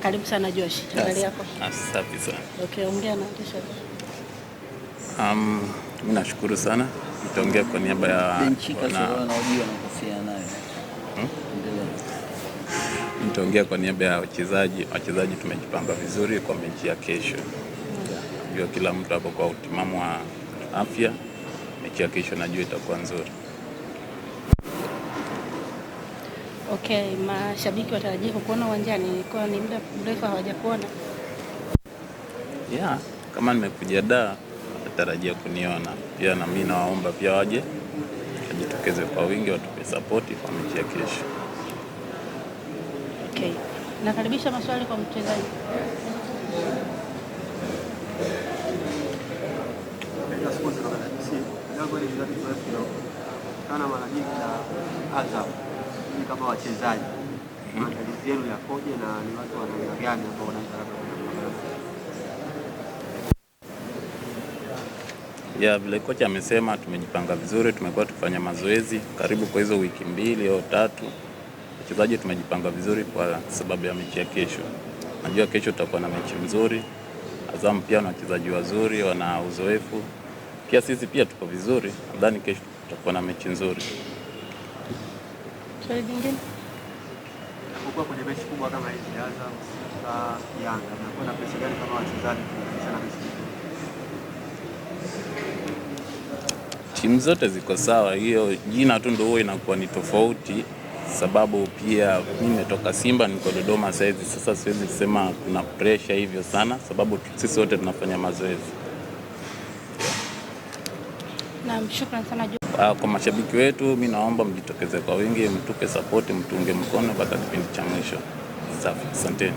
Karibu sana Josh. Habari yako? Safi sana. Okay, ongea na Josh. Um, mimi nashukuru sana. Nitaongea kwa niaba ya hmm? nitaongea kwa niaba ya wachezaji. Wachezaji tumejipanga vizuri kwa mechi ya kesho. Najua kila mtu hapo kwa utimamu wa afya. Mechi ya kesho najua itakuwa nzuri. Okay, mashabiki watarajia kukuona uwanjani, ilikuwa ni muda mrefu hawajakuona. Yeah, kama nimekuja da watarajia kuniona pia, na mimi nawaomba pia waje wajitokeze kwa wingi, watupe sapoti kwa mechi ya kesho. Okay, nakaribisha maswali kwa mchezaji. Kana ni kama wachezaji, maandalizi yenu yakoje na ni watu wa namna gani ambao Ya vile kocha amesema, tumejipanga vizuri, tumekuwa tukifanya mazoezi karibu kwa hizo wiki mbili au tatu. Wachezaji tumejipanga vizuri kwa sababu ya mechi ya kesho. Najua kesho tutakuwa na mechi nzuri. Azam pia na wachezaji wazuri, wana uzoefu. Pia sisi pia tuko vizuri, nadhani kesho tutakuwa na mechi nzuri. Swali lingine kwenye mechi kubwa kama hizi Azam Yanga, na pesa gani kama wachezaji kulinganisha na mechi timu zote ziko sawa, hiyo jina tu ndio huwa inakuwa ni tofauti, sababu pia mimi nimetoka Simba niko Dodoma saizi. Sasa siwezi kusema kuna pressure hivyo sana, sababu sisi wote tunafanya mazoezi. Naam, shukrani sana. Ah, kwa mashabiki wetu, mi naomba mjitokeze kwa wingi, mtupe sapoti, mtunge mkono mpaka kipindi cha mwisho. Safi, asanteni.